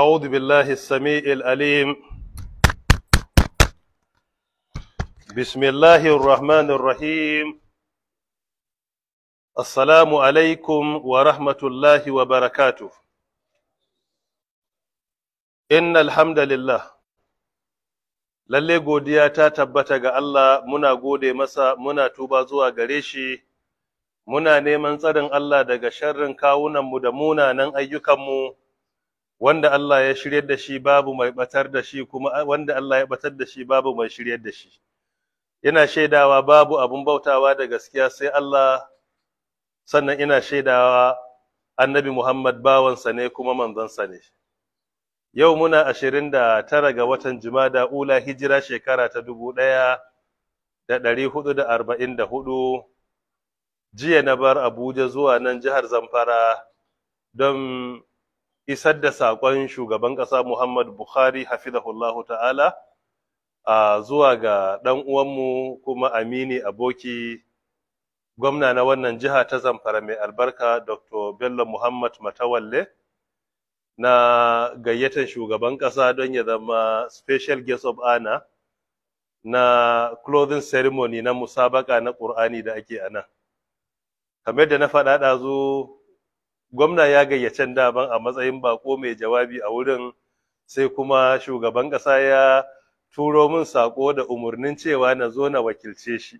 أعوذ بالله السميع العليم بسم الله الرحمن الرحيم السلام عليكم ورحمة الله وبركاته إن الحمد لله lalle godiya ta tabbata ga Allah muna gode masa muna tuba zuwa gare shi muna neman tsarin Allah daga sharrin kawunanmu da munanan ayyukanmu wanda Allah ya shiryar da shi babu mai batar da shi kuma wanda Allah ya batar da shi babu mai shiryar da shi ina shaidawa babu abun bautawa da gaskiya sai Allah sannan ina shaidawa annabi Muhammad bawansa ne kuma manzansa ne yau muna ashirin da tara ga watan Jumada ula hijira shekara ta 1444 jiya na bar Abuja zuwa nan jihar Zamfara don isar da saƙon shugaban ƙasa Muhammad Buhari hafizahullahu ta'ala a zuwa ga ɗan uwanmu kuma amini aboki gwamna na wannan jiha ta zamfara mai albarka Dr. Bello Muhammad Matawalle na gayyatar shugaban ƙasa don ya zama special guest of honor na clothing ceremony na musabaka na ƙur'ani da ake a nan. Kamar da na faɗa ɗazu gwamna ya gayyace daban a matsayin bako mai jawabi a wurin sai kuma shugaban ƙasa ya turo min sako da umarnin cewa na zo na wakilce shi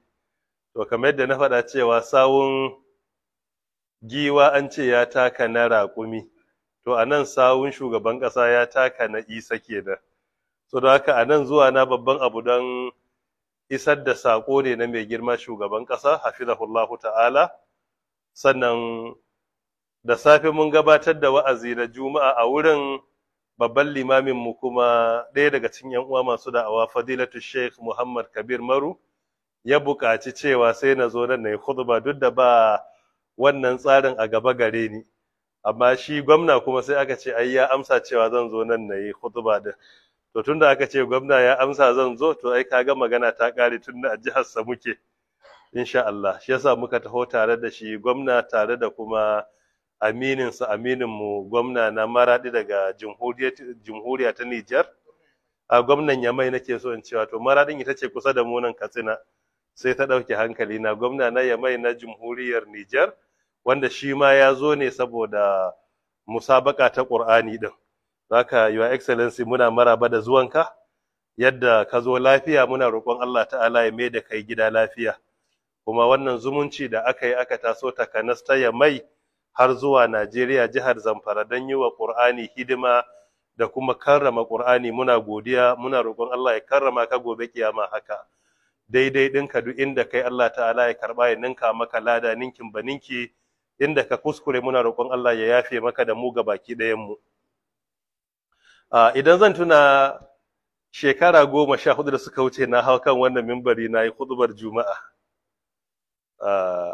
to kamar yadda na faɗa cewa sawun giwa an ce ya taka na raƙumi to a nan sawun shugaban ƙasa ya taka na isa kenan so da haka a nan zuwa na babban abu don isar da sako ne na mai girma shugaban ƙasa hafizahullahu ta'ala sannan da safe mun gabatar da wa'azi na juma'a a wurin babban limamin mu kuma ɗaya daga cikin yan uwa masu da awa fadilatu sheikh muhammad kabir maru ya buƙaci cewa sai na zo nan na yi khutba duk da ba wannan tsarin a gaba gare ni amma shi gwamna kuma sai aka ce ai ya amsa cewa zan zo nan na yi khutba din to tunda aka ce gwamna ya amsa zan zo to ai ga magana ta kare tunda a jihar sa muke insha Allah shi yasa muka taho tare da shi gwamna tare da kuma amininsa amininmu gwamna na maraɗi daga jamhuriya ta Nijar. A gwamnan Yamai nake so in cewa to maraɗin ita ce kusa da munan Katsina sai ta ɗauke hankali na gwamna na Yamai na jamhuriyar Nijar wanda shi ma ya zo ne saboda musabaka ta Ƙur'ani ɗin. Zaka Your Excellency muna maraba da zuwanka yadda ka zo lafiya muna roƙon Allah ta'ala ya mai da kai gida lafiya. Kuma wannan zumunci da aka yi aka taso takanas ta mai. har zuwa Najeriya jihar Zamfara don yi wa ƙur'ani, hidima da kuma karrama ƙur'ani, muna godiya muna roƙon Allah ya karrama ka gobe kiyama haka daidai ɗinka duk inda kai Allah ta'ala ya karɓa ya ninka maka lada ninkin ba ninki inda ka kuskure muna roƙon Allah ya yafe maka da mu ga baki ɗayan mu idan zan tuna shekara goma sha hudu da suka wuce na hau kan wannan mimbari na yi hudubar juma'a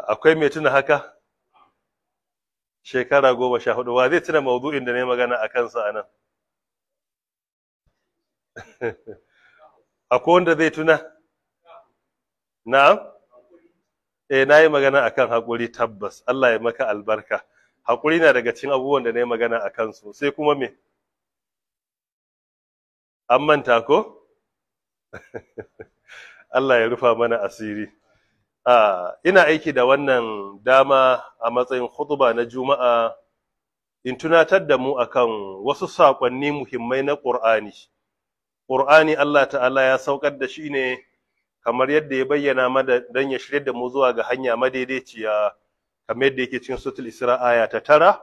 akwai mai tuna haka shekara goma sha hudu wa zai tuna maudu'in da ne magana a kansa a nan akwai wanda zai tuna na'am eh na yi magana a kan haƙuri tabbas Allah ya maka albarka haƙuri na daga cikin abubuwan da na yi magana a kansu sai kuma me an manta ko Allah ya rufa mana asiri Ah, ina aiki da wannan dama a matsayin khutuba na juma'a in tunatar da mu akan wasu saƙonni muhimmai na ƙur'ani ƙur'ani allah ta'ala ya saukar da shi ne kamar yadda ya bayyana mada don ya shirya da mu zuwa ga hanya madaidaiciya kamar yadda yake cikin sutul isra'aya ta tara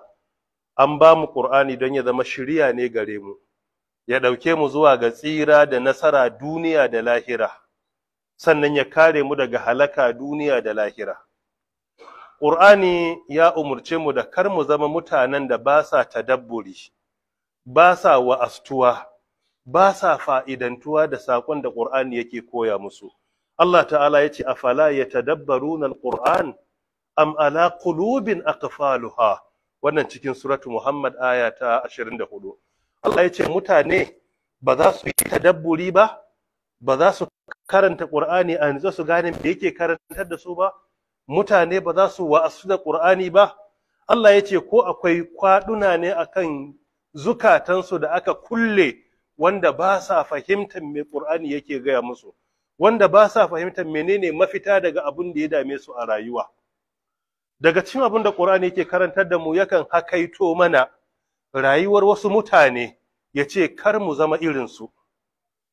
an ba mu ƙur'ani don ya zama shirya ne gare mu ya ɗauke mu zuwa ga tsira da nasara duniya da lahira sannan ya kare mu daga halaka duniya da lahira ƙur'ani ya umarce mu da kar mu zama mutanen da ba sa tadabburi ba sa wa'astuwa ba sa fa'idantuwa da saƙon da ƙur'ani yake koya musu Allah ta'ala ya ce afala yatadabbaruna nan ƙur'an am ala qulubin aqfaluha wannan cikin suratu Muhammad aya ta 24 Allah ya ce mutane ba za su yi tadabburi ba ba za su karanta Qur'ani a nitsa su gane me yake karantar da su ba mutane ba za su wa'asu da Qur'ani ba Allah ya ce ko akwai kwaduna ne akan zukatansu da aka kulle wanda ba sa fahimtar me Qur'ani yake gaya musu wanda ba sa fahimtar menene mafita daga abin da ya dame su a rayuwa daga cikin abin da Qur'ani yake karantar da mu yakan hakaito mana rayuwar wasu mutane ya ce kar mu zama irinsu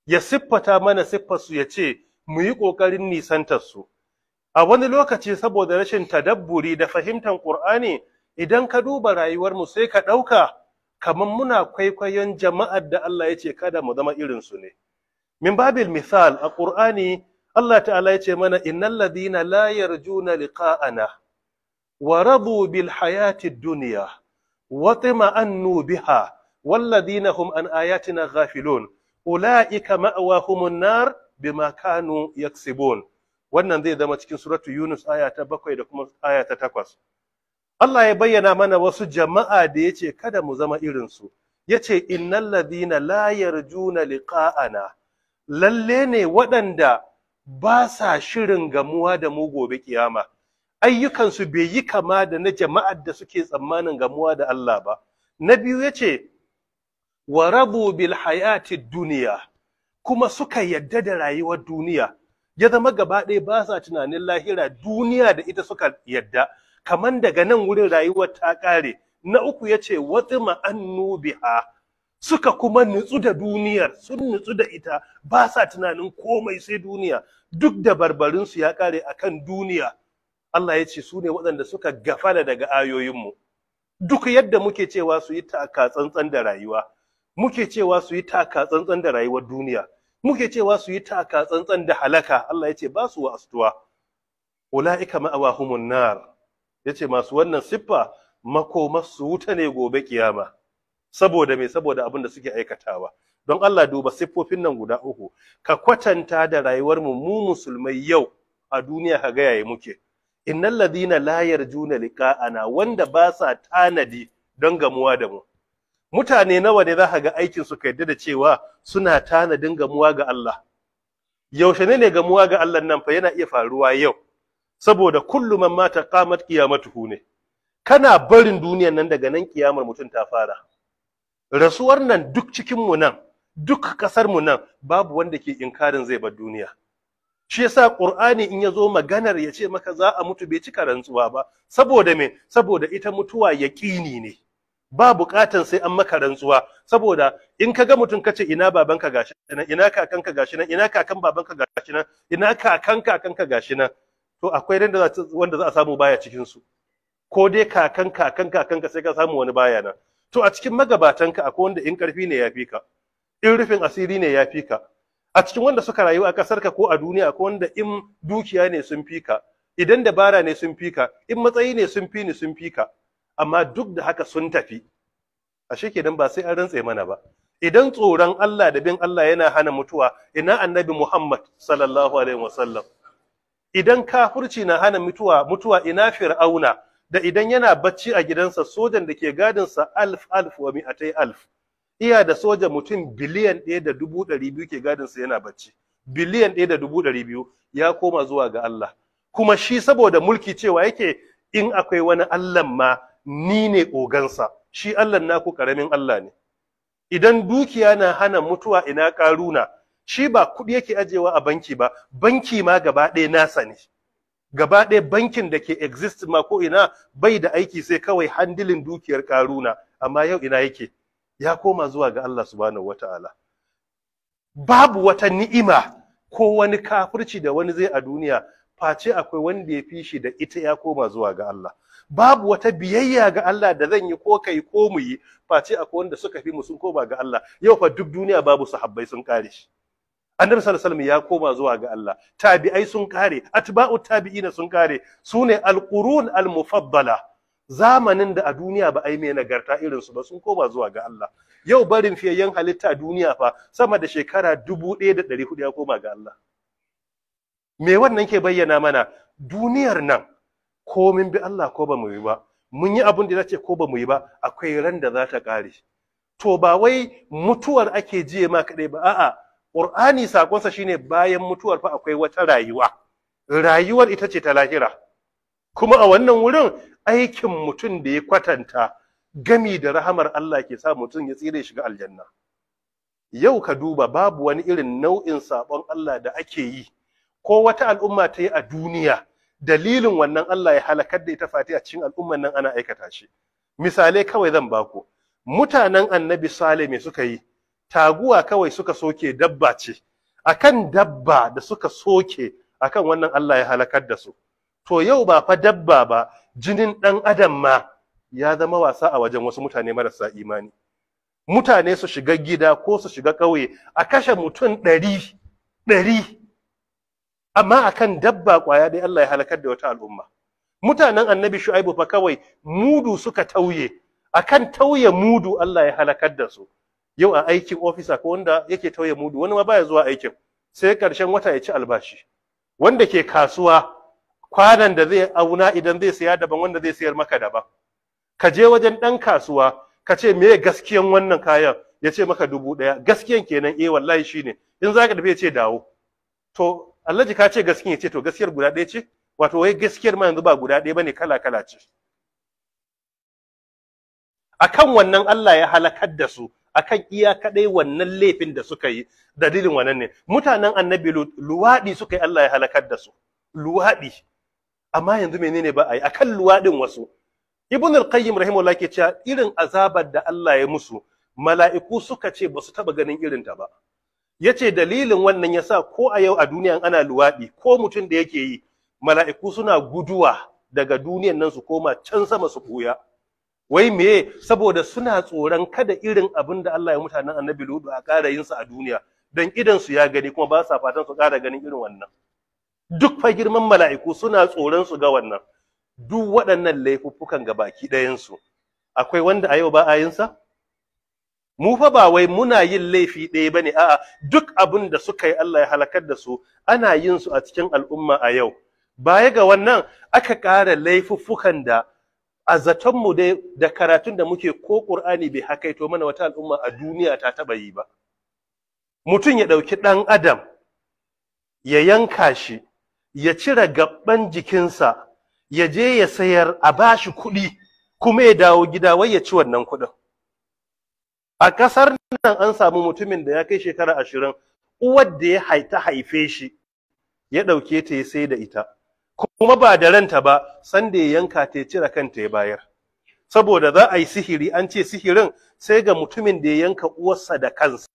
ya siffata mana siffarsu ya ce mu yi ƙoƙarin nisantarsu a wani lokaci saboda rashin tadabburi da fahimtar ƙur'ani idan ka duba rayuwarmu sai ka ɗauka kamar muna kwaikwayon jama'ar da Allah ya ce kada mu zama irinsu ne min babil misal a ƙur'ani Allah ta'ala ya ce mana innal ladina la yarjuna liqa'ana wa radu bil hayati dunya wa tuma'annu biha wal ladina hum an ayatina ghafilun ula'ika ma'awahumun nar bima kanu yaksibun wannan zai zama cikin suratu Yunus aya ta bakwai da kuma aya ta takwas Allah ya bayyana mana wasu jama'a da yace kada mu zama irin su yace innal ladina la yarjuna liqa'ana lalle ne waɗanda ba sa shirin gamuwa da mu gobe kiyama ayyukansu bai yi kama da na jama'ar da suke tsammanin gamuwa da Allah ba na biyu yace wa rabu bil hayati duniya kuma suka yadda da rayuwar duniya ya zama gaba ɗaya ba sa tunanin lahira duniya da ita suka yadda Kamar daga nan wurin rayuwar ta ƙare na uku ya ce watsi ma'annu biha suka kuma nutsu da duniyar sun nutsu da ita ba sa tunanin komai sai duniya duk da barbarinsu ya ƙare a kan duniya Allah ya ce su ne waɗanda suka gafala daga ayoyinmu duk yadda muke cewa su yi taka tsantsan da rayuwa muke cewa su yi taka tsantsan da rayuwar duniya muke cewa su yi taka tsantsan da halaka Allah ya ce ba su wa ulaika ma'awahumun nar yace masu wannan siffa makomar su wuta ne gobe kiyama saboda me saboda abin da suke aikatawa don Allah duba siffofin nan guda uku ka kwatanta da rayuwar mu mu musulmai yau a duniya ka ga yayi muke innal ladina la yarjuna liqa'ana wanda ba sa tanadi don gamuwa da mu mutane nawa ne za ka ga aikin su ka yadda da cewa suna tanadin gamuwa ga Allah yaushe ne ne gamuwa ga Allah nan fa yana iya faruwa yau saboda kullu man mata qamat qiyamatuhu ne kana barin duniyan nan daga nan kiyamar mutum ta fara rasuwar nan duk cikin mu nan duk kasar mu nan babu wanda ke inkarin zai bar duniya shi yasa qur'ani in yazo maganar ya ce maka za a mutu bai cika rantsuwa ba saboda me saboda ita mutuwa yaqini ne ba buƙatan sai an maka rantsuwa saboda in ka ga mutum kace ina babanka gashi nan ina kakanka gashi nan ina kakan babanka gashi nan ina kakan kakanka gashi nan to akwai za wanda za a samu baya cikin su ko dai kakan kakan kakanka sai ka samu wani baya nan to a cikin magabatanka akwai wanda in karfi ne fi ka in rufin asiri ne fi ka a cikin wanda suka rayu a ka ko a duniya akwai wanda in dukiya ne sun fi ka idan dabara ne sun fi ka in matsayi ne sun fi ni sun fi ka amma duk da haka sun tafi ashe kenan ba sai an rantse mana ba idan tsoron Allah da bin Allah yana hana mutuwa ina annabi Muhammad sallallahu alaihi wasallam idan kafirci na hana mutuwa mutuwa ina fir'auna da idan yana bacci a gidansa sojan da ke gadinsa alf alf wa mi'atai alf iya da soja mutum biliyan ɗaya da dubu ɗari biyu ke gadinsa yana bacci biliyan ɗaya da dubu ɗari biyu ya koma zuwa ga Allah kuma shi saboda mulki cewa yake in akwai wani Allah ma ni ne ogansa shi Allah naku karamin Allah ne idan dukiya na hana mutuwa ina karuna shi ba kuɗi yake ajewa a banki ba banki ma gaba ɗaya nasa ne gaba ɗaya bankin da ke exist ma ko ina bai da aiki sai kawai handilin dukiyar karuna amma yau ina yake ya koma zuwa ga Allah subhanahu wataala babu wata ni'ima ko wani kafirci da wani zai a duniya face akwai wanda ya fi shi da ita ya koma zuwa ga Allah babu wata biyayya ga Allah da zan yi ko kai ko mu yi face akwai wanda suka fi mu sun koma ga Allah yau fa duk duniya babu sahabbai sun kare shi annabi sallallahu alaihi ya koma zuwa ga Allah tabi'ai sun kare atba'u tabi'ina sun kare sune alqurun almufaddala zamanin da a duniya ba ai mai nagarta irin su ba sun koma zuwa ga Allah yau barin fiyayyen halitta a duniya fa sama da shekara dubu ɗaya da ɗari 1400 ya koma ga Allah me wannan ke bayyana mana duniyar nan ko mun bi Allah ko ba mu yi ba mun yi abin da ya ce ko ba mu yi ba akwai ran da za ta ƙare to ba wai mutuwar ake jiye ma kaɗai ba a'a ƙur'ani sakonsa shine bayan mutuwar fa akwai wata rayuwa rayuwar ita ce ta lahira kuma a wannan wurin aikin mutum da ya kwatanta gami da rahamar Allah ke sa mutum ya tsire shiga aljanna yau ka duba babu wani irin nau'in sabon Allah da ake yi ko wata al'umma ta yi a duniya dalilin wannan Allah ya halakar da ita fati a cikin al'ummar nan ana aikata shi misalai kawai zan baku mutanen annabi sale suka yi taguwa kawai suka soke dabba ce akan dabba da suka soke akan wannan Allah ya halakar da su to yau ba fa dabba ba jinin ɗan adam ma ya zama wasa a wajen wasu mutane marasa imani mutane su shiga gida ko su shiga ƙauye a kashe mutum ɗari ɗari amma akan dabba kwaya dai Allah ya halakar da wata al'umma mutanen annabi shu'aibu fa kawai mudu suka tauye akan tauye mudu Allah ya halakar da su yau a aikin ofisa ko wanda yake tauye mudu wani ma baya zuwa aikin sai karshen wata ya ci albashi wanda ke kasuwa kwanan da zai auna idan zai siya daban wanda zai siyar maka daban ka je wajen ɗan kasuwa ka ce me gaskiyan wannan kayan ya ce maka dubu ɗaya gaskiyan kenan eh wallahi shine in zaka tafi ya ce dawo to alhaji ka ce gaskiya ce to gaskiyar guda ɗaya ce wato wai gaskiyar ma yanzu ba guda ɗaya bane kala kala ce akan wannan Allah ya halakar da su akan iya kadai wannan laifin da suka yi dalilin wannan ne mutanen annabi luwadi suka yi Allah ya halakar da su luwadi amma yanzu menene ba ai akan luwadin wasu ibn al-qayyim rahimahullah ke cewa irin azabar da Allah ya musu mala'iku suka ce ba su taba ganin irin ta ba ya ce dalilin wannan ya sa ko a yau a duniyan ana luwaɗi ko mutum da yake yi mala'iku suna guduwa daga duniyan nan su koma can sama su ɓuya wai me saboda suna tsoron kada irin abin da Allah ya mutanen annabi ludu a ƙara yinsa a duniya don idan su ya gani kuma ba sa fatan su ƙara ganin irin wannan duk fa girman mala'iku suna tsoron su ga wannan duk waɗannan laifuffukan ga baki ɗayansu akwai wanda a yau ba a yinsa mu fa ba wai muna yin laifi ɗaya ba ne a'a duk abin da suka yi Allah ya halakar da su ana yin su a cikin al'umma a yau baya ga wannan aka ƙara laifuffukan da a zatonmu dai da karatun da muke ko ƙur'ani bai hakaito mana wata al'umma a duniya ta taɓa yi ba mutum ya ɗauki ɗan adam ya yanka shi ya cire gaɓɓan jikinsa ya je ya sayar a bashi kuɗi kuma ya dawo gida wai ya ci wannan kuɗin a ƙasar nan an samu mutumin da ya kai shekara ashirin uwar da ya haita haife shi ya ɗauke ta ya sai da ita kuma ba da ranta ba sanda ya yanka ta ya cire kanta ya bayar saboda za a yi sihiri an ce sihirin sai ga mutumin da ya yanka uwarsa da kansa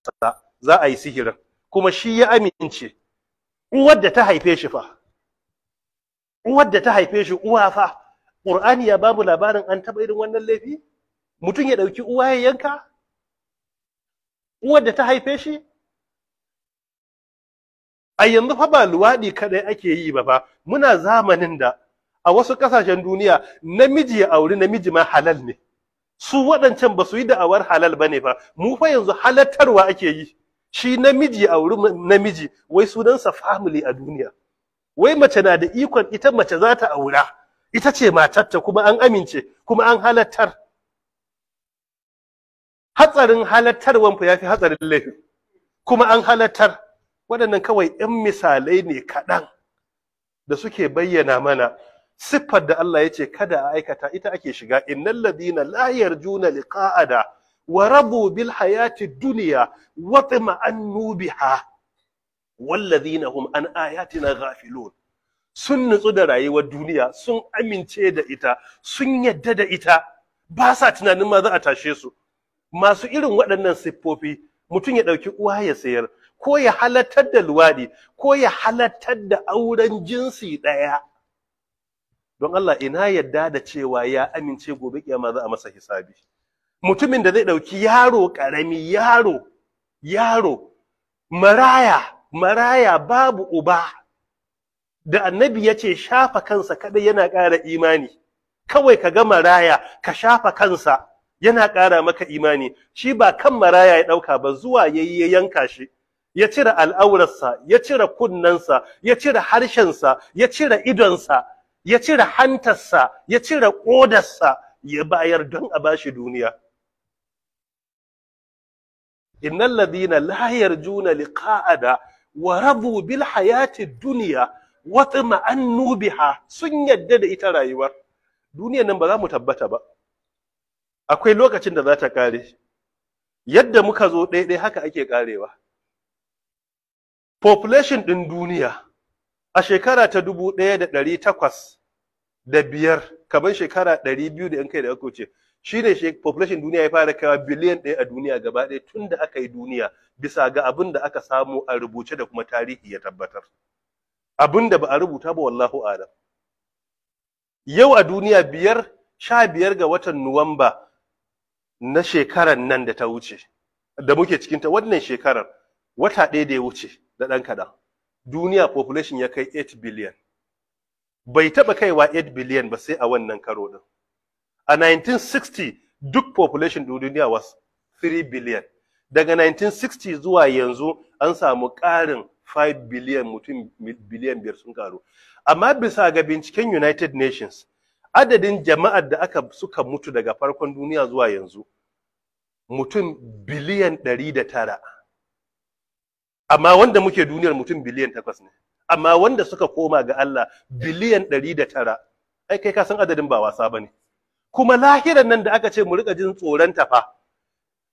za a yi sihirin kuma shi ya amince uwar da ta haife shi fa uwar da ta haife shi uwa fa ƙur'ani ya babu labarin an taɓa irin wannan laifi mutum ya ɗauki uwa ya yanka uwar ta haife shi a yanzu fa ba luwaɗi kaɗai ake yi ba fa muna zamanin da a wasu ƙasashen duniya namiji ya auri namiji ma halal ne su waɗancan ba su yi da'awar halal ba ne fa mu fa yanzu halattarwa ake yi shi namiji ya auri namiji wai sunansa family a duniya wai mace na da ikon ita mace za ta aura ita ce matarta kuma an amince kuma an halattar hatsarin halattarwan fa yafi hatsarin laifin kuma an halartar waɗannan kawai ɗan misalai ne kaɗan da suke bayyana mana siffar da Allah ya ce kada a aikata ita ake shiga innal ladina la yarjuna liqa'ada wa rabu bil hayati dunya wa tama'annu biha wal ladina hum an ayatina ghafilun sun nutsu da rayuwar duniya sun amince da ita sun yadda da ita ba sa tunanin ma za a tashe su masu irin waɗannan siffofi mutum ya ɗauki uwa ya sayar ko ya halartar da luwaɗi, ko ya halartar da auren jinsi ɗaya don Allah ina yadda da cewa ya amince gobe kiyama za a masa hisabi mutumin da zai ɗauki yaro ƙarami yaro yaro maraya maraya babu uba da annabi ya ce shafa kansa kaɗai yana ƙara imani kawai ka ga maraya ka shafa kansa yana ƙara maka imani shi ba kan maraya ya ɗauka ba zuwa ya yi ya yanka shi ya cire al'aurarsa ya cire kunnensa ya cire harshensa ya cire idonsa ya cire hantarsa ya cire ƙodarsa ya bayar don a bashi duniya innal ladina la yarjuna liqa'ada wa rabu bil hayati dunya wa tama'annu biha sun yadda da ita rayuwar duniyar nan ba za mu tabbata ba akwai lokacin da za ta kare yadda muka zo ɗaiɗai haka ake karewa population ɗin duniya a shekara ta dubu ɗaya da ɗari takwas da biyar kamar shekara ɗari biyu da yan kai da aka wuce shi ne population duniya ya fara kaiwa biliyan ɗaya a duniya gaba ɗaya tun da aka yi duniya bisa ga abin da aka samu a rubuce da kuma tarihi ya tabbatar abin da ba a rubuta ba wallahu alam yau a duniya biyar sha biyar ga watan nuwamba na shekarar nan da ta wuce da muke cikin ta wannan shekarar wata ɗaya da ya wuce da ɗan kaɗan duniya population ya kai 8 billion bai taɓa kaiwa 8 billion ba sai a wannan karo ɗin a 1960 duk population ɗin duniya was 3 billion daga 1960 zuwa yanzu an samu ƙarin 5 billion mutum biliyan biyar sun karu amma bisa ga binciken united nations adadin jama'ar da aka suka mutu daga farkon duniya zuwa yanzu mutum biliyan ɗari da tara amma wanda muke duniyar mutum biliyan takwas ne amma wanda suka koma ga Allah biliyan ɗari da tara ai kai ka san adadin ba wasa ba ne kuma lahirar nan da aka ce mu riƙa jin tsoron tafa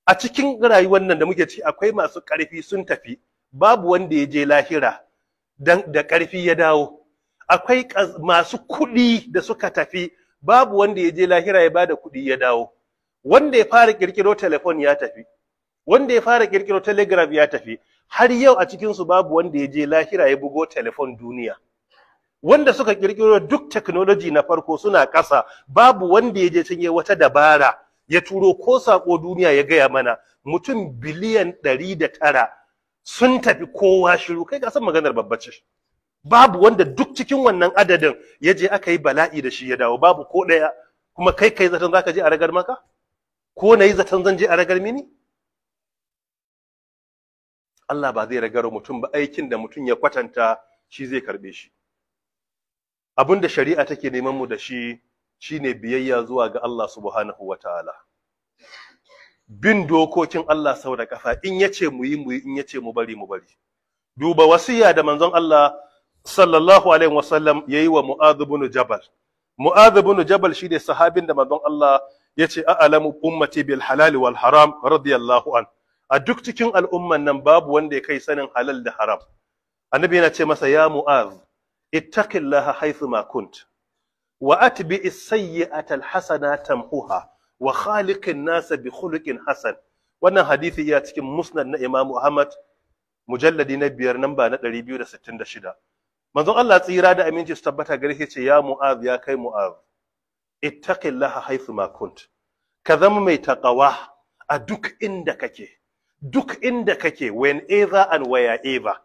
a cikin rayuwar nan da muke ci akwai masu ƙarfi sun tafi babu wanda ya je lahira da ƙarfi ya dawo akwai masu kuɗi da suka tafi babu wanda ya je lahira ya bada kuɗi ya dawo wanda ya fara kirkiro telefon ya tafi wanda ya fara kirkiro telegraph ya tafi har yau a cikin su babu wanda ya je lahira ya bugo telefon duniya wanda suka kirkiro duk technology na farko suna ƙasa babu wanda ya je can wata dabara ya turo ko saƙo duniya ya gaya mana mutum biliyan ɗari da tara sun tafi kowa shiru kai ga san maganar babbace babu wanda duk cikin wannan adadin ya je aka yi bala'i da shi ya dawo babu ko ɗaya kuma kai kai zaton zaka je a ragar maka ko na yi zaton zan je a ragar mini Allah ba zai ragar mutum ba aikin da mutum ya kwatanta shi zai karbe shi abin da shari'a take neman mu da shi shine biyayya zuwa ga Allah subhanahu ta'ala bin dokokin Allah sau da kafa in yace mu yi mu yi in yace mu bari mu bari duba wasiya da manzon Allah sallallahu alaihi wasallam yayi wa mu'adh jabal mu'adh ibn jabal ne sahabin da manzon Allah ya ce a'lamu ummati bil halal wal haram radiyallahu an a duk cikin al'umman nan babu wanda ya kai sanin halal da haram annabi yana ce masa ya mu'adh ittaqillaha haythu ma kunt wa atbi as-sayyi'ata al-hasana tamhuha wa khaliqin nasa bi khuluqin hasan wannan hadisi ya cikin musnad na Imam Ahmad mujalladi na biyar namba na 266 manzon Allah tsira da aminci su tabbata gare shi ce ya mu'az ya kai mu'az ittaqillaha haythu ma kunt ka zama mai taqawa a duk inda kake duk inda kake whenever and ever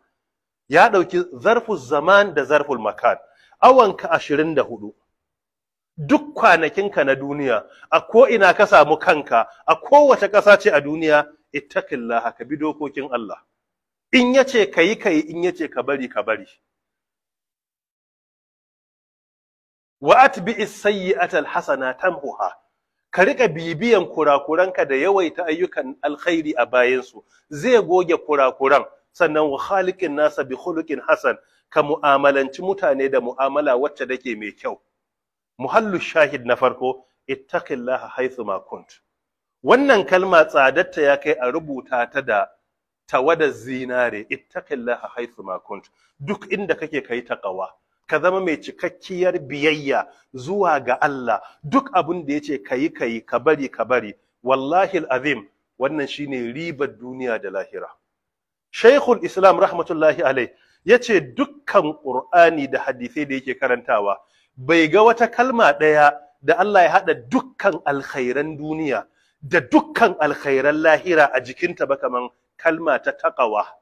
ya dauki zarfu zaman da zarful makan awanka 24 duk kwanakinka na duniya a ko ina ka samu kanka a kowace ƙasa ce a duniya ittaqillaha ka bi dokokin Allah in yace kayi kayi in yace ka bari ka bari wa atbi'is sayyi'atal hasana tamhuha ka riƙa bibiyan kurakuranka da yawaita ayyukan alkhairi a bayansu zai goge kurakuran sannan wa khaliqin nasa bi khuluqin hasan ka mu'amalanci mutane da mu'amala wacce dake mai kyau muhallu shahid na farko ittaqillaha haythu ma kunt wannan kalma tsadarta ya kai a rubuta ta da tawada zinare ittaqillaha haythu ma kunt duk inda kake kai taqawa ka zama mai cikakkiyar biyayya zuwa ga Allah duk abin da yace kayi kayi ka bari ka bari wallahi azim wannan shine ribar duniya da lahira Shaikhul Islam rahmatullahi alai yace dukkan Qur'ani da hadisai da yake karantawa bai ga wata kalma ɗaya da Allah ya haɗa dukkan alkhairan duniya da dukkan alkhairan lahira a jikinta ba kaman kalma ta taƙawa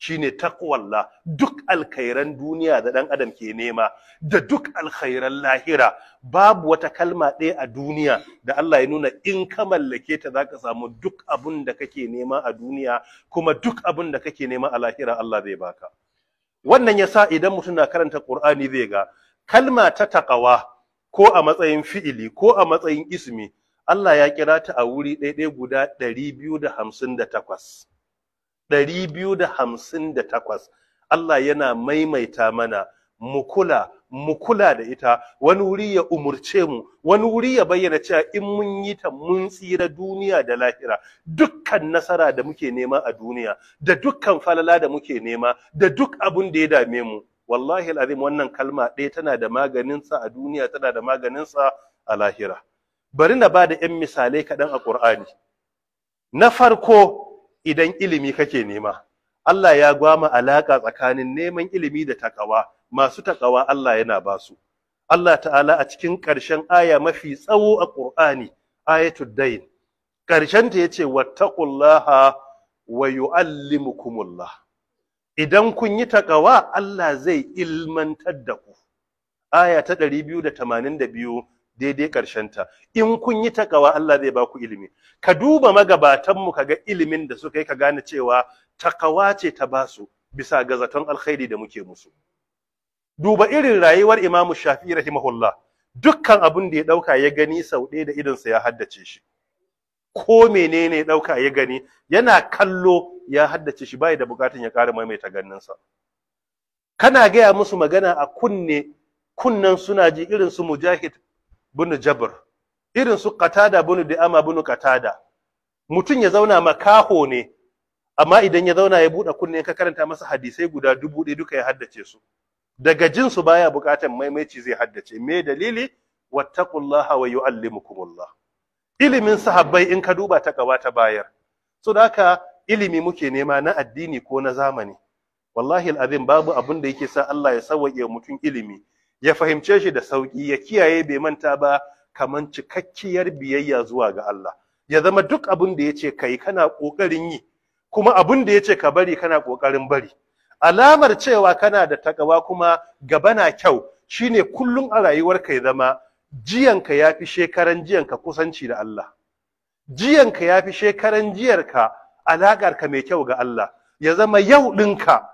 shine takwallah duk alkhairan duniya da ɗan adam ke nema da duk alkhairan lahira babu wata kalma ɗaya a duniya da Allah ya nuna in ka mallake ta zaka samu duk abun da kake nema a duniya kuma duk abun da kake nema a lahira Allah zai baka wannan yasa idan mutum na karanta Qur'ani zai ga kalma ta takawa ko a matsayin fi'ili ko a matsayin ismi Allah ya kira ta a wuri ɗaya guda ɗari biyu da hamsin da takwas. Ɗari biyu da da hamsin takwas. Allah yana maimaita mana mu kula mu kula da ita wani wuri ya umurce mu wani wuri ya bayyana cewa in mun yi ta mun tsira duniya da lahira dukkan nasara da muke nema a duniya da dukkan falala da muke nema da duk abun da ya dame mu wallahi alazim wannan kalma ɗaya tana da maganinsa a duniya tana da maganinsa a lahira bari na ba da 'yan misalai kaɗan a ƙur'ani na farko idan ilimi kake nema Allah ya gwama alaƙa tsakanin neman ilimi da takawa masu takawa Allah yana ba su Allah ta'ala a cikin ƙarshen aya mafi tsawo a ƙur'ani ayatul dain ƙarshen ta yace wattaqullaha wa yuallimukumullah idan kun yi takawa Allah zai ilmantar da ku aya ta ɗari biyu da da tamanin biyu. daidai ta. in kun yi takawa Allah zai ba ku ilimi ka duba magabatanmu ka ga ilimin da suka yi ka gane cewa takawa ce ta basu bisa ga zaton alkhairi da muke musu duba irin rayuwar Shafi Shafi'i rahimahullah dukkan abin da ya ɗauka ya gani sau ɗaya da idonsa ya haddace shi ko menene ya ɗauka ya gani yana kallo ya haddace shi bai da bukatun ya ƙara maimaita ganinsa kana gaya musu magana a kunne kunnen suna ji irin su mujahid Bunu jabr irin su qatada di ama bunu qatada mutum ya zauna makaho ne amma idan ya zauna ya buɗe kunne ka karanta masa hadisai guda dubu ɗaya duka ya haddace su daga jin su baya bukatan maimaici zai haddace me dalili wattaqullaha wa yu'allimukumullah ilimin sahabbai in ka duba ta gaba ta bayar so da ilimi muke nema na addini ko na zamani wallahi al'azim babu abin da yake sa Allah ya sawaye mutum ilimi ya fahimce shi da sauki ya kiyaye bai manta ba kamar cikakkiyar biyayya zuwa ga Allah ya zama duk abin da yace kai kana kokarin yi kuma abin da yace ka bari kana kokarin bari alamar cewa kana da takawa kuma gaba na kyau shine kullum a rayuwar ka ya zama jiyanka yafi shekaran jiyan ka kusanci da Allah Jiyan jiyanka yafi shekaran jiyar ka alakar alaƙarka mai kyau ga Allah ya zama yau ɗinka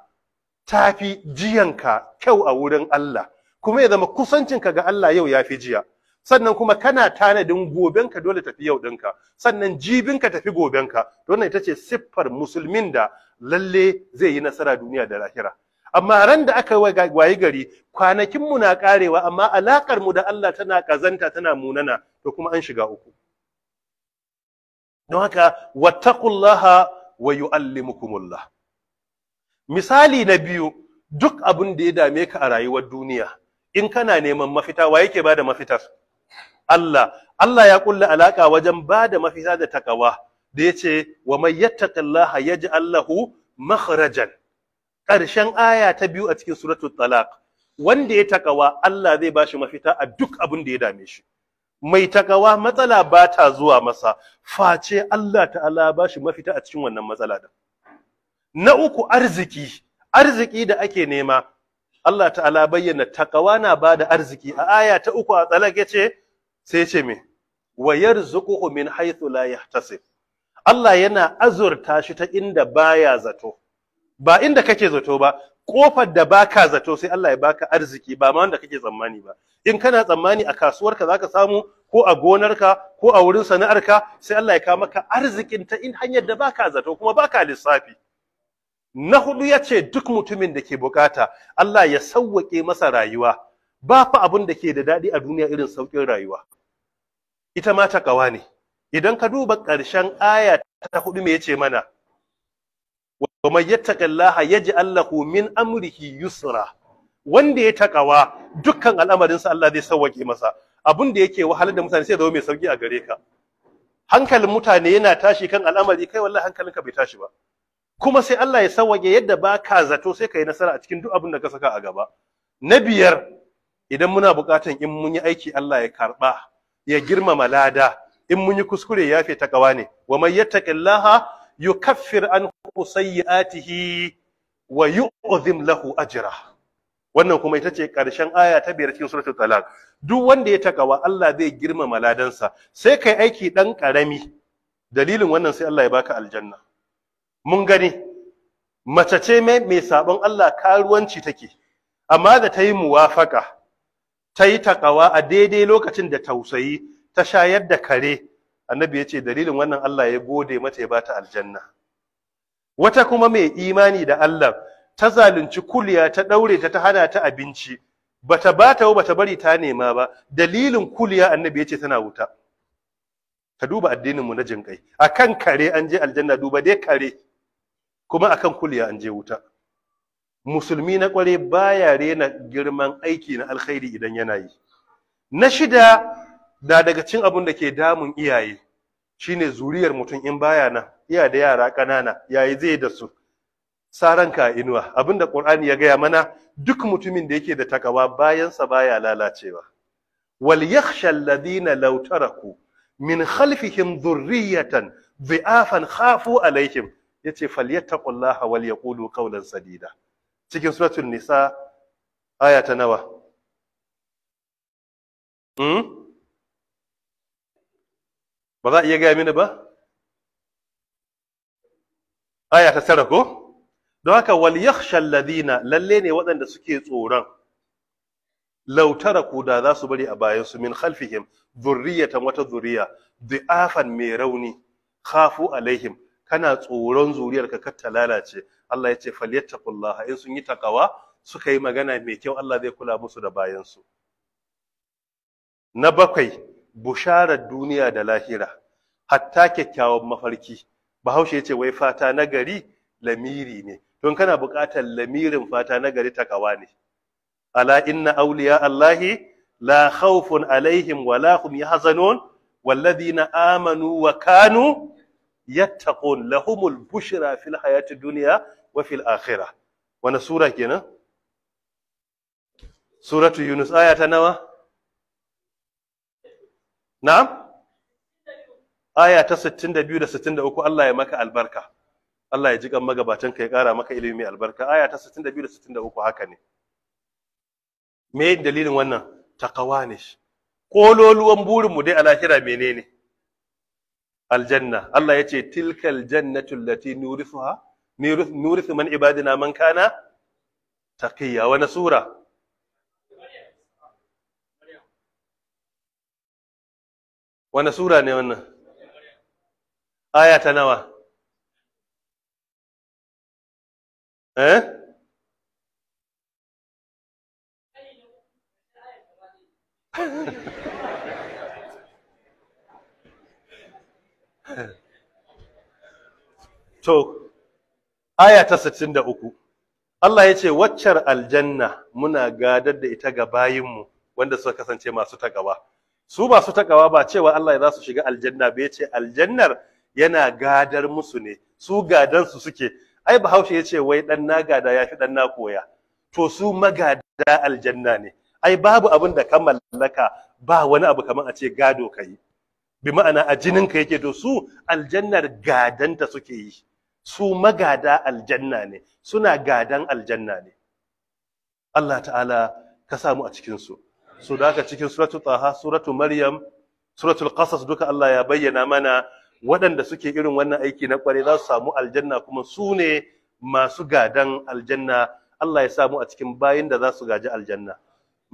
tafi ka kyau a wurin Allah kuma ya zama kusancinka ga Allah yau ya fi jiya sannan kuma kana tanadin gobenka dole tafi yau ɗinka sannan jibinka tafi gobenka wannan ita ce siffar musulmin da lalle zai yi nasara duniya da lahira amma ran da aka wayi gari kwanakin mu na karewa amma alakar mu da Allah tana kazanta tana munana to kuma an shiga uku don haka wattaqullaha wa yu'allimukumullah misali na biyu duk abin da ya dame ka a rayuwar duniya in kana neman mafita wa yake bada mafitar Allah Allah ya kulla alaka wajen bada mafita da takawa da yace wa may yattaqillaha yaj'al lahu makhrajan ƙarshen aya ta biyu a cikin suratul talaq wanda ya takawa Allah zai bashi mafita a duk abin da ya dame shi mai takawa matsala ba ta zuwa masa face Allah ta'ala ba shi mafita a cikin wannan matsala da na uku arziki arziki da ake nema Allah ta'ala bayyana takawa na bada arziki a aya ta uku a tsalake ce, sai ce me wa yarzuquhu min haythu la yahtasib Allah yana azurta shi ta inda baya zato ba inda kake zato ba kofar da baka zato sai Allah ya baka arziki ba ma wanda kake tsammani ba in kana tsammani a kasuwarka zaka samu ko a gonarka ko a wurin sana'arka sai Allah ya ka maka arzikin ta in hanyar da baka zato kuma baka lissafi na hudu ya ce duk mutumin da ke bukata Allah ya sauwake masa rayuwa ba fa abin da ke da daɗi a duniya irin sauƙin rayuwa ita ma ta kawa ne idan ka duba ƙarshen aya ta hudu me yace mana wa man yattaqillaha yaj'al lahu min amrihi yusra wanda ya takawa dukkan al'amarinsa Allah zai sauwake masa abin da yake wahalar da mutane sai zama mai sauki a gare ka hankalin mutane yana tashi kan al'amari kai wallahi hankalinka bai tashi ba kuma sai Allah ya sawage yadda ba ka zato sai ka yi nasara a cikin duk abin da ka saka a gaba na biyar idan muna bukatan in mun yi aiki Allah ya karɓa ya girmama lada in mun yi kuskure ya fi takawa ne wa man yattaqillaha yukaffir an sayyi'atihi wa yu'zim lahu ajra wannan kuma ita ce ƙarshen aya ta biyar cikin suratul talaq duk wanda ya takawa Allah zai girmama ladansa sai kai aiki dan ƙarami. dalilin wannan sai Allah ya baka aljanna mun gani mace ce mai mai sabon Allah karuwanci take amma da ta yi muwafaka ta yi takawa a daidai lokacin da tausayi ta shayar da kare annabi ya ce dalilin wannan Allah ya gode mata ya bata aljanna wata kuma mai imani da Allah ta zalunci kuliya ta daure ta ta hana ta abinci bata bata bata bari ta nema ba dalilin kuliya annabi ya ce tana wuta ka duba mu na jinkai akan kare an je aljanna duba dai kare kuma akan kuliya an je wuta musulmi na kware baya rena girman aiki na alkhairi idan yana yi na shida da daga cin abun da ke damun iyaye shine zuriyar mutum in baya na iya da yara ƙanana yayi zai da su saranka inuwa abinda qur'ani ya gaya mana duk mutumin da yake da takawa bayansa baya lalacewa wal yakhsha alladhina law taraku min khalfihim dhurriyatan dhi'afan khafu alaihim yace falyattaqullaha wal yaqulu qawlan sadida cikin suratul nisa aya ta nawa hmm ba za a iya gaya mini ba aya ta tara ko don haka wal yakhsha alladhina lalle ne waɗanda suke tsoron lautara ku da za su bari a bayansu min khalfihim zurriyatan wata zuriya du'afan mai rauni khafu alaihim kana tsoron zuriyarka kar ta lalace Allah ya ce falyattaqullaha in sun yi takawa suka yi magana mai kyau Allah zai kula musu da bayansu na bakwai busharar duniya da lahira hatta kyakkyawan mafarki bahaushe ya ce wai fata nagari lamiri ne don kana buƙatar lamirin fata nagari gari takawa ne ala inna awliya allahi la khawfun alaihim wa la hum yahzanun walladhina amanu wa kanu yattaqun lahumul bushra fil hayati dunya wa fil akhirah wani sura kenan suratu yunus aya ta nawa na'am aya ta 62 da 63 Allah ya maka albarka Allah ya ji kan magabatan ka ya kara maka ilimi mai albarka aya ta 62 da 63 haka ne me dalilin wannan taqawanish ne kololuwan burin mu dai a lahira menene aljanna Allah ya ce tilkal jannatu allati nurithuha nurithu man ibadina man kana taqiya wa nasura wani sura ne wannan aya ta nawa eh to aya ta uku, Allah ya ce waccar aljanna muna gadar da ita ga bayinmu wanda suka kasance masu takawa su masu takawa ba cewa Allah ya za su shiga aljanna ba ya ce aljannar yana gadar musu ne su gadansu suke ai bahaushe ya ce wai dan na gada ya fi dan na koya to su magada aljanna ne ai babu abin da ka mallaka ba wani abu kamar a ce gado kai bi ma'ana a jininka yake to su aljannar gadanta suke yi su magada aljanna ne suna gadan aljanna ne Allah ta'ala ka samu a cikinsu. su so da cikin suratul taha suratul maryam suratul qasas duka Allah ya bayyana mana waɗanda suke irin wannan aiki na kware za su samu aljanna kuma su ne masu gadan aljanna Allah ya samu a cikin bayin da za su gaji aljanna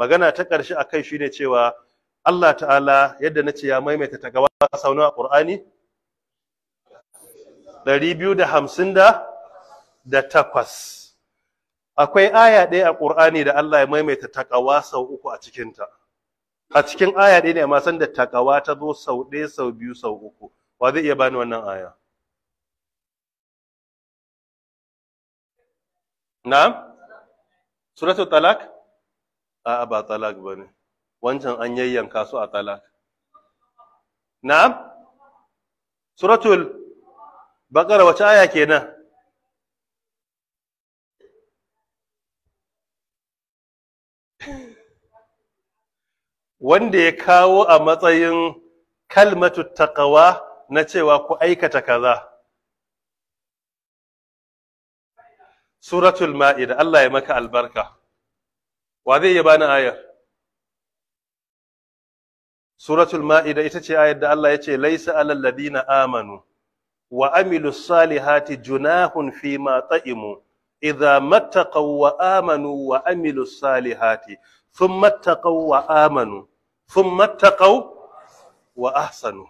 magana ta ƙarshe akai shine cewa Allah ta'ala yadda na ce ya maimaita ta gawa sau nawa Qur'ani ɗari biyu da hamsin da takwas akwai aya ɗaya a ƙur'ani da Allah ya maimaita takawa sau uku a cikinta a cikin aya ɗaya ne amma da takawa ta zo sau ɗaya sau biyu sau uku wa zai iya bani wannan aya Na? suratul talak A ba talak ne. wancan an yayyanka su a talak na'am suratul bakara wace aya kenan wanda ya kawo a matsayin kalmatu taqwa na cewa ku aikata kaza suratul ma'ida Allah ya maka albarka wa zai iya bani ayar suratul ma'ida ita ce ayar da Allah ya ce laisa alal ladina amanu wa amilu salihati junahun fi ma ta'imu idza mattaqaw wa amanu wa amilu salihati thumma mattaqaw wa amanu wa ahsanu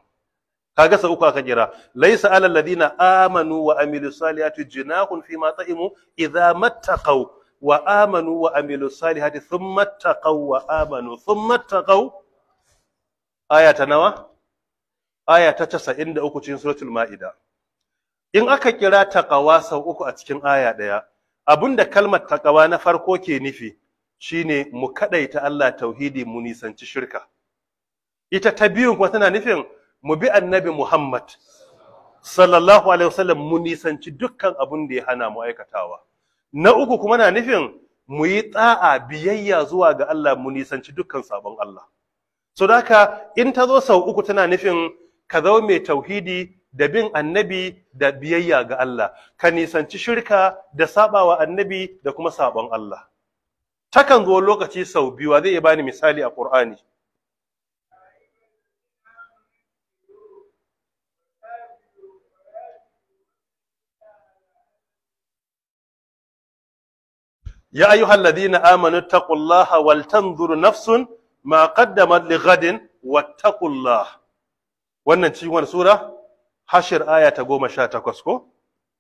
kaga sa uku aka kira laisa alal ladina amanu wa amilu salihati junahun fi ma ta'imu idza mattaqaw wa amanu wa amilu salihati thumma mattaqaw wa amanu thumma mattaqaw aya ta nawa aya ta 93 cikin suratul ma'ida in aka kira taqawa sau uku a cikin aya ɗaya abinda kalmar takawa na farko ke nufi shine mu kadaita Allah tauhidi mu nisanci shirka ita ta biyu kuma tana nufin mu bi annabi Muhammad sallallahu alaihi wasallam mu nisanci dukkan abin da ya hana mu aikatawa na uku kuma na nufin mu yi tsa'a biyayya zuwa ga Allah mu nisanci dukkan sabon Allah so daka in ta zo sau uku tana nufin ka zama mai tauhidi da bin annabi da biyayya ga Allah ka nisanci shirka da saɓawa annabi da kuma saɓon Allah takan zo lokaci sau biyu zai iya bani misali a ƙur'ani ya أيها الذين amanu اتقوا الله nafsun, نفس ما قدمت لغد واتقوا الله wannan cikin sura hashir aya ta goma sha takwas ko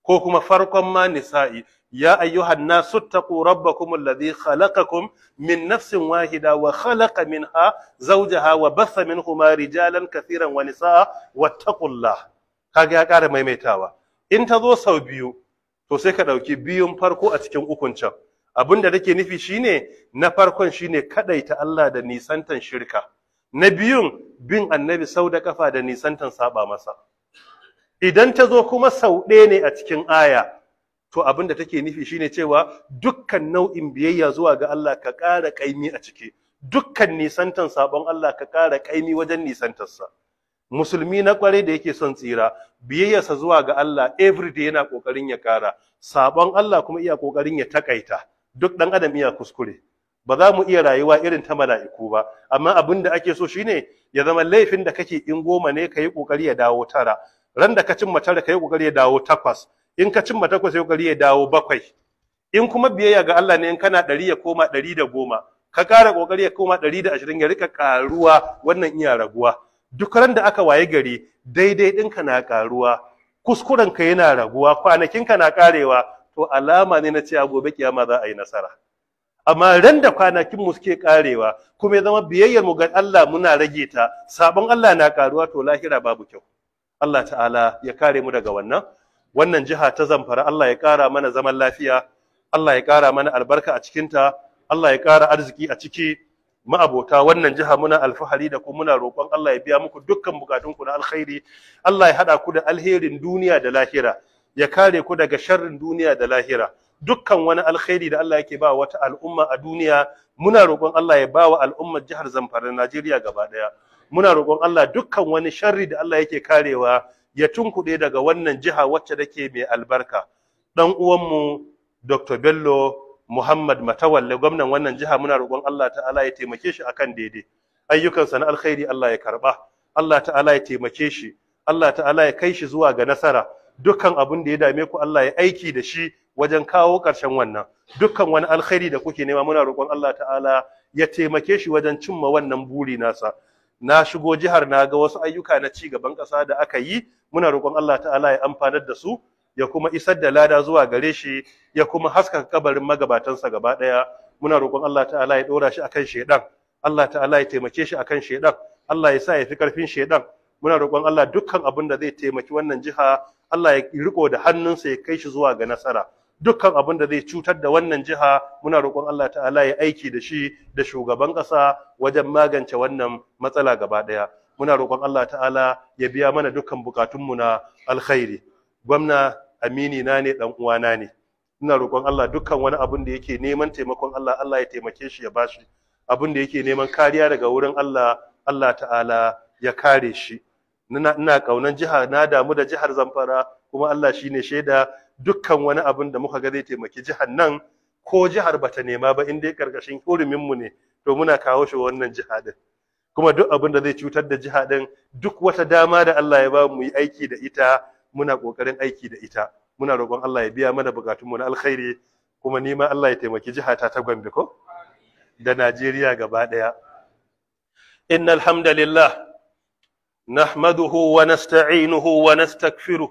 ko kuma farkon ma nisa'i ya ayyuhan nasu taqu rabbakum alladhi khalaqakum min nafsin wahida wa khalaqa minha zawjaha wa batha minhuma rijalan kathiran wa nisaa wattaqullah kaga ya ƙara maimaitawa in ta zo sau biyu to sai ka ɗauki biyun farko a cikin ukun can abin da take nufi shine na farkon shine ta Allah da nisantan shirka na biyun bin annabi sau da kafa da nisantan saba masa idan ta zo kuma sau ɗaya ne a cikin aya to abin da take nufi shine cewa dukkan nau'in biyayya zuwa ga Allah ka ƙara ƙaimi a ciki dukkan nisantan sabon Allah ka ƙara ƙaimi wajen nisantarsa musulmi na kware da yake son tsira biyayyarsa zuwa ga Allah everyday yana kokarin ya ƙara. sabon Allah kuma iya kokarin ya taƙaita, duk dan adam iya kuskure ba za mu iya rayuwa irin ta mala'iku ba amma abin da ake so shine ya zama laifin da kake in goma ne kayi kokari ya dawo tara ran da ka cimma tare kai kokari ya dawo takwas in ka cimma takwas ya kokari ya dawo bakwai in kuma biyayya ga Allah ne in kana 100 ya koma 110 goma ka kara kokari ya koma 120 da ashirin ya rika ƙaruwa wannan iya raguwa duk ran da aka waye gari daidai ka na karuwa kuskuren ka yana raguwa kwanakinka na karewa to alama ne na cewa gobe kiyama za a yi nasara amma ran da kwanakin mu suke karewa kuma ya zama biyayyar mu ga Allah muna rage ta sabon Allah na karuwa to lahira babu kyau Allah ta'ala ya kare mu daga wannan wannan jiha ta zamfara Allah ya kara mana zaman lafiya Allah ya kara mana albarka a cikinta Allah ya kara arziki a ciki ma'abota wannan jiha muna alfahari da ku muna roƙon Allah ya biya muku dukkan bukatunku na alkhairi Allah ya haɗa ku da alherin duniya da lahira ya kare ku daga sharrin duniya da lahira dukkan wani alkhairi da Allah yake ba wata al'umma a duniya muna roƙon Allah ya bawa al'ummar jihar Zamfara Najeriya gaba ɗaya muna roƙon Allah dukkan wani sharri da Allah yake karewa ya tunkuɗe daga wannan jiha wacce take mai albarka dan uwanmu Dr. Bello Muhammad Matawalle gwamnan wannan jiha muna roƙon Allah ta'ala ya taimake shi akan daidai ayyukansa na alkhairi Allah ya karba Allah ta'ala ya taimake shi Allah ta'ala ya kai shi zuwa ga nasara dukkan abin da ya dame ku Allah ya aiki da shi wajen kawo ƙarshen wannan dukkan wani alkhairi da kuke nema muna roƙon Allah ta'ala ya taimake shi wajen cimma wannan buri nasa na shigo jihar na ga wasu ayyuka na ci gaban ƙasa da aka yi muna roƙon Allah ta'ala ya amfanar da su ya kuma isar da lada zuwa gare shi ya kuma haska kabarin magabatansa gaba ɗaya muna roƙon Allah ta'ala ya ɗora shi akan shedan Allah ta'ala ya taimake shi akan shedan Allah ya sa ya fi karfin shedan muna roƙon Allah dukkan abin da zai taimaki wannan jiha Allah ya riko da hannunsa ya kai shi zuwa ga nasara dukkan abin da zai cutar da wannan jiha muna roƙon Allah ta'ala ya aiki da shi da shugaban ƙasa wajen magance wannan matsala gaba ɗaya muna roƙon Allah ta'ala ya biya mana dukkan bukatunmu na alkhairi gwamna amini na ne dan uwana ne ina roƙon Allah dukkan wani abin da yake neman taimakon Allah Allah ya taimake shi ya bashi abin da yake neman kariya daga wurin Allah Allah ta'ala ya kare shi ina kaunan jiha na damu da jihar Zamfara kuma Allah shine shaida dukkan wani abin da muka ga zai taimaki jihar nan ko jihar bata nema ba in dai karkashin hurumin mu ne to muna kawo shi wannan jiha din kuma duk abin da zai cutar da jiha din duk wata dama da Allah ya ba mu yi aiki da ita muna kokarin aiki da ita muna roƙon Allah ya biya mana bukatun mu na alkhairi kuma nima Allah ya taimaki jihata ta Gombe ko da Najeriya gaba daya innal hamdalillah nahmaduhu wa nasta'inuhu wa nastaghfiruh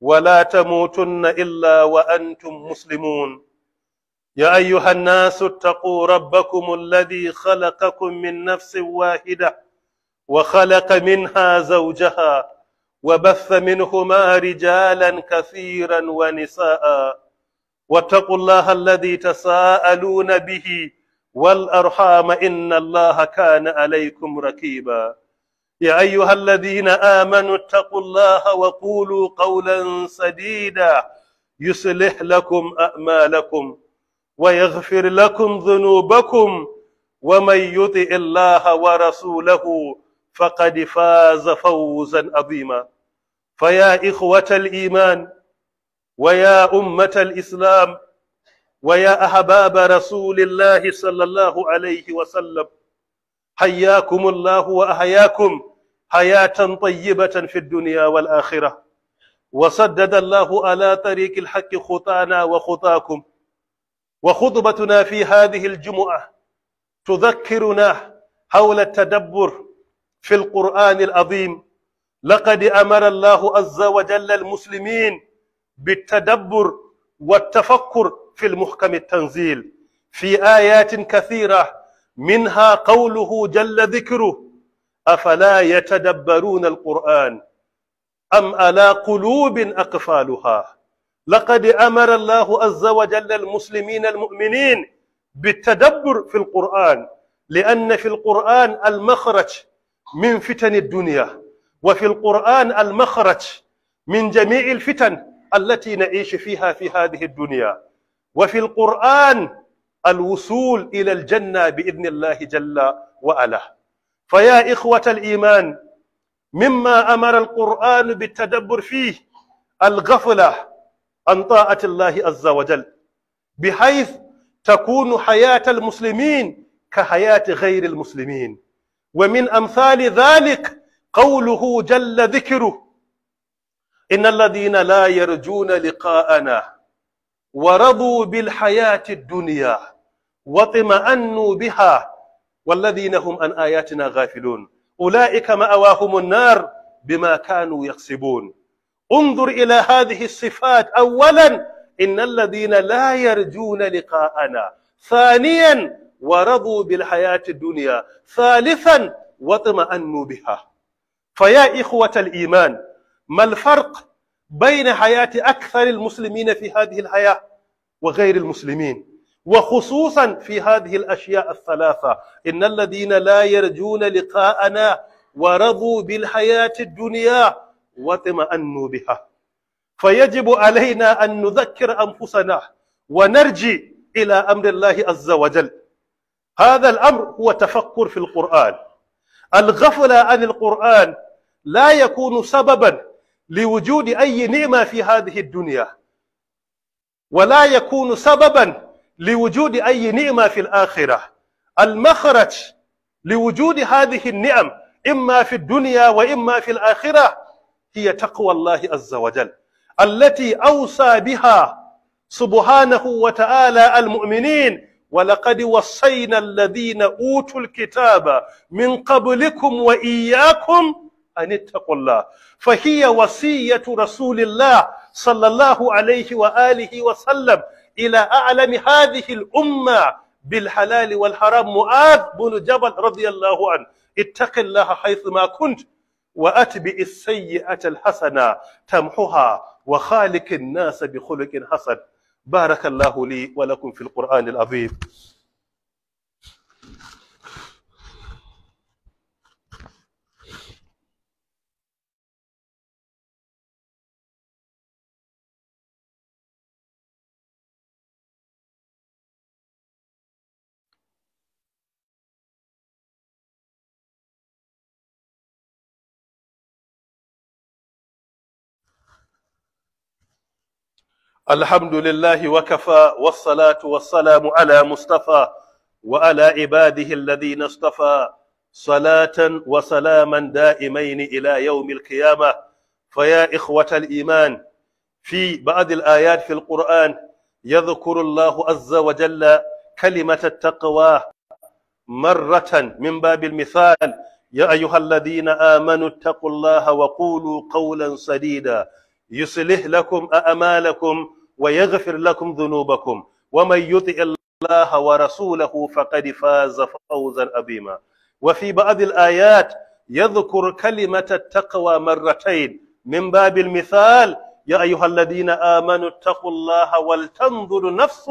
ولا تموتن الا وانتم مسلمون يا ايها الناس اتقوا ربكم الذي خلقكم من نفس واحده وخلق منها زوجها وبث منهما رجالا كثيرا ونساء واتقوا الله الذي تساءلون به والارحام ان الله كان عليكم ركيبا يا أيها الذين آمنوا اتقوا الله وقولوا قولا سديدا يصلح لكم أعمالكم ويغفر لكم ذنوبكم ومن يطع الله ورسوله فقد فاز فوزا عظيما فيا إخوة الإيمان ويا أمة الإسلام ويا أحباب رسول الله صلى الله عليه وسلم حياكم الله واحياكم حياه طيبه في الدنيا والاخره وسدد الله على طريق الحق خطانا وخطاكم وخطبتنا في هذه الجمعه تذكرنا حول التدبر في القران العظيم لقد امر الله عز وجل المسلمين بالتدبر والتفكر في المحكم التنزيل في ايات كثيره منها قوله جل ذكره أفلا يتدبرون القرآن أم الا قلوب أقفالها لقد أمر الله عز وجل المسلمين المؤمنين بالتدبر في القرآن لأن في القرآن المخرج من فتن الدنيا وفي القرآن المخرج من جميع الفتن التي نعيش فيها في هذه الدنيا وفي القرآن الوصول إلى الجنة بإذن الله جل وعلا فيا إخوة الإيمان مما أمر القرآن بالتدبر فيه الغفلة عن طاعة الله عز وجل بحيث تكون حياة المسلمين كحياة غير المسلمين ومن أمثال ذلك قوله جل ذكره إن الذين لا يرجون لقاءنا ورضوا بالحياة الدنيا واطمأنوا بها والذين هم عن آياتنا غافلون أولئك مأواهم النار بما كانوا يكسبون انظر إلى هذه الصفات أولا إن الذين لا يرجون لقاءنا ثانيا ورضوا بالحياة الدنيا ثالثا واطمأنوا بها فيا إخوة الإيمان ما الفرق بين حياة أكثر المسلمين في هذه الحياة وغير المسلمين وخصوصا في هذه الاشياء الثلاثه ان الذين لا يرجون لقاءنا ورضوا بالحياه الدنيا واطمأنوا بها فيجب علينا ان نذكر انفسنا ونرجع الى امر الله عز وجل هذا الامر هو تفكر في القران الغفله عن القران لا يكون سببا لوجود اي نعمه في هذه الدنيا ولا يكون سببا لوجود أي نعمة في الآخرة المخرج لوجود هذه النعم إما في الدنيا وإما في الآخرة هي تقوى الله عز وجل التي أوصى بها سبحانه وتعالى المؤمنين ولقد وصينا الذين أوتوا الكتاب من قبلكم وإياكم أن اتقوا الله فهي وصية رسول الله صلى الله عليه وآله وسلم إلى أعلم هذه الأمة بالحلال والحرام معاذ بن جبل رضي الله عنه اتق الله حيثما كنت وأتبع السيئة الحسنة تمحها وخالق الناس بخلق حسن بارك الله لي ولكم في القرآن العظيم الحمد لله وكفى والصلاة والسلام على مصطفى وعلى عباده الذين اصطفى صلاة وسلاما دائمين إلى يوم القيامة فيا إخوة الإيمان في بعض الآيات في القرآن يذكر الله عز وجل كلمة التقوى مرة من باب المثال يا أيها الذين آمنوا اتقوا الله وقولوا قولا سديدا يصلح لكم أأمالكم ويغفر لكم ذنوبكم ومن يطع الله ورسوله فقد فاز فوزا أبيما وفي بعض الآيات يذكر كلمة التقوى مرتين من باب المثال يا أيها الذين آمنوا اتقوا الله ولتنظر نفس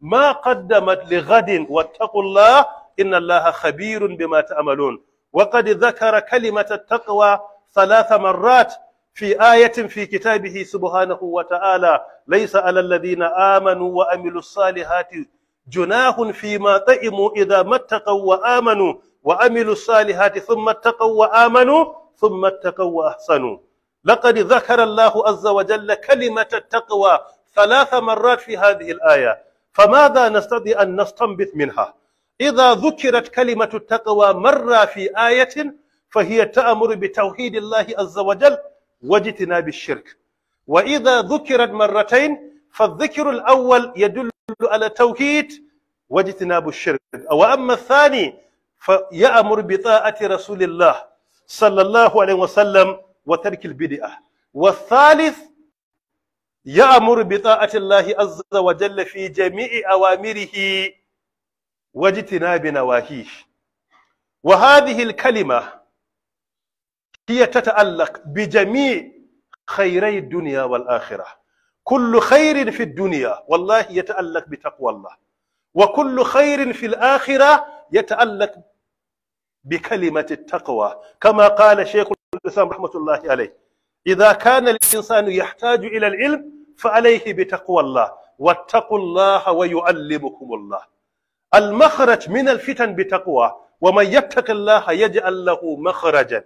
ما قدمت لغد واتقوا الله إن الله خبير بما تعملون وقد ذكر كلمة التقوى ثلاث مرات في آية في كتابه سبحانه وتعالى ليس على الذين آمنوا وأملوا الصالحات جناه فيما طئموا إذا ما اتقوا وآمنوا وأملوا الصالحات ثم اتقوا وآمنوا ثم اتقوا وأحسنوا لقد ذكر الله عز وجل كلمة التقوى ثلاث مرات في هذه الآية فماذا نستطيع أن نستنبط منها إذا ذكرت كلمة التقوى مرة في آية فهي تأمر بتوحيد الله عز وجل واجتناب الشرك وإذا ذكرت مرتين فالذكر الأول يدل على التوحيد واجتناب الشرك وأما الثاني فيأمر بطاعة رسول الله صلى الله عليه وسلم وترك البدعة والثالث يأمر بطاعة الله عز وجل في جميع أوامره واجتناب نواهيه وهذه الكلمة هي تتألق بجميع خيري الدنيا والآخرة كل خير في الدنيا والله يتألق بتقوى الله وكل خير في الآخرة يتألق بكلمة التقوى كما قال شيخ الإسلام رحمة الله عليه إذا كان الإنسان يحتاج إلى العلم فعليه بتقوى الله واتقوا الله ويعلمكم الله المخرج من الفتن بتقوى ومن يتق الله يجعل له مخرجا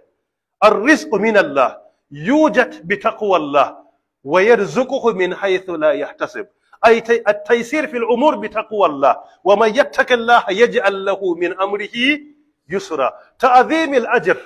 الرزق من الله يوجد بتقوى الله ويرزقه من حيث لا يحتسب أي التيسير في الأمور بتقوى الله ومن يتق الله يجعل له من أمره يسرا تعظيم الأجر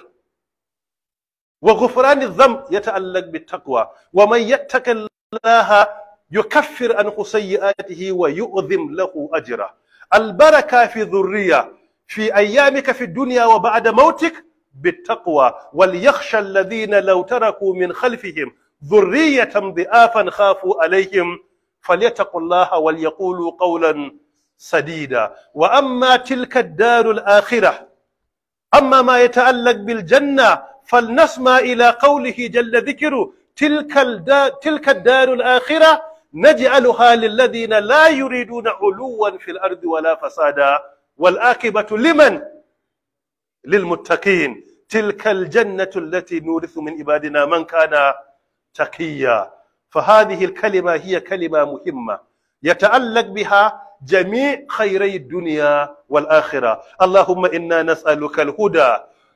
وغفران الذنب يتعلق بالتقوى ومن يتق الله يكفر عن سيئاته ويؤذم له أجره البركة في ذرية في أيامك في الدنيا وبعد موتك بالتقوى وليخشى الذين لو تركوا من خلفهم ذرية ضعافا خافوا عليهم فليتقوا الله وليقولوا قولا سديدا وأما تلك الدار الآخرة أما ما يتعلق بالجنة فلنسمع إلى قوله جل ذكره تلك الدار, تلك الدار الآخرة نجعلها للذين لا يريدون علوا في الأرض ولا فسادا والآكبة لمن للمتقين تلك الجنة التي نورث من عبادنا من كان تقيا فهذه الكلمة هي كلمة مهمة يتعلق بها جميع خيري الدنيا والآخرة اللهم إنا نسألك الهدى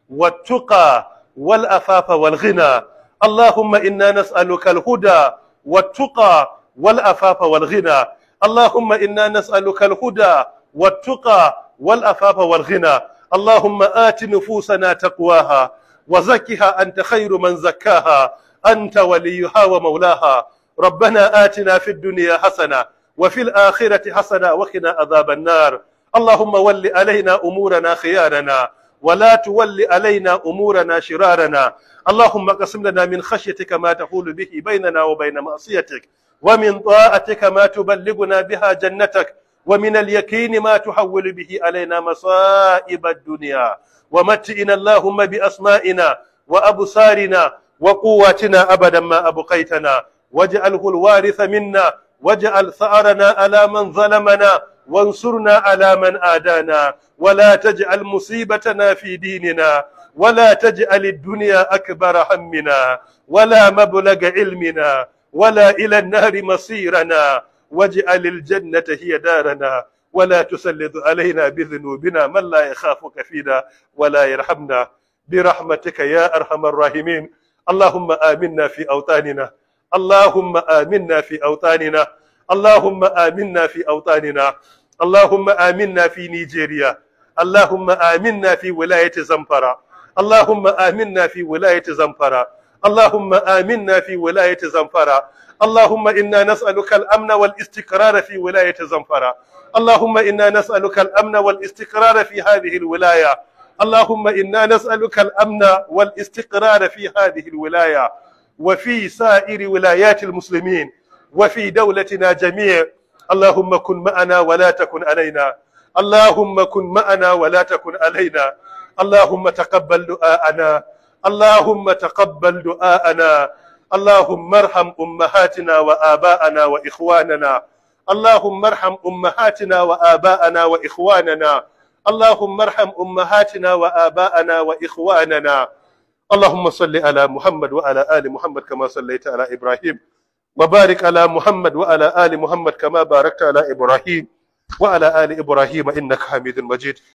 والتقى والأفاف والغنى اللهم إنا نسألك الهدى والتقى والأفاف والغنى اللهم إنا نسألك الهدى والتقى والأفاف والغنى اللهم آت نفوسنا تقواها وزكها أنت خير من زكاها أنت وليها ومولاها ربنا آتنا في الدنيا حسنة وفي الآخرة حسنة وقنا عذاب النار اللهم ول علينا أمورنا خيارنا ولا تول علينا أمورنا شرارنا اللهم اقسم لنا من خشيتك ما تقول به بيننا وبين معصيتك ومن طاعتك ما تبلغنا بها جنتك ومن اليقين ما تحول به علينا مصائب الدنيا ومتئنا اللهم بأسمائنا وأبصارنا وقواتنا أبدا ما أبقيتنا واجعله الوارث منا واجعل ثأرنا على من ظلمنا وانصرنا على من آدانا ولا تجعل مصيبتنا في ديننا ولا تجعل الدنيا أكبر همنا ولا مبلغ علمنا ولا إلى النهر مصيرنا واجعل الجنة هي دارنا ولا تسلط علينا بذنوبنا من لا يخافك فينا ولا يرحمنا برحمتك يا أرحم الراحمين اللهم آمنا في أوطاننا اللهم آمنا في أوطاننا اللهم آمنا في أوطاننا اللهم آمنا في نيجيريا اللهم آمنا في ولاية زمفرة اللهم آمنا في ولاية زمفرة اللهم آمنا في ولاية زمفرة اللهم إنا نسألك الأمن والاستقرار في ولاية زنفرة اللهم إنا نسألك الأمن والاستقرار في هذه الولاية اللهم إنا نسألك الأمن والاستقرار في هذه الولاية وفي سائر ولايات المسلمين وفي دولتنا جميع اللهم كن معنا ولا تكن علينا اللهم كن معنا ولا تكن علينا اللهم تقبل دعاءنا اللهم تقبل دعاءنا اللهم ارحم أمهاتنا وآباءنا وإخواننا اللهم ارحم أمهاتنا وآباءنا وإخواننا اللهم ارحم أمهاتنا وآباءنا وإخواننا اللهم صل على محمد وعلى آل محمد كما صليت على إبراهيم وبارك على محمد وعلى آل محمد كما باركت على إبراهيم وعلى آل إبراهيم إنك حميد مجيد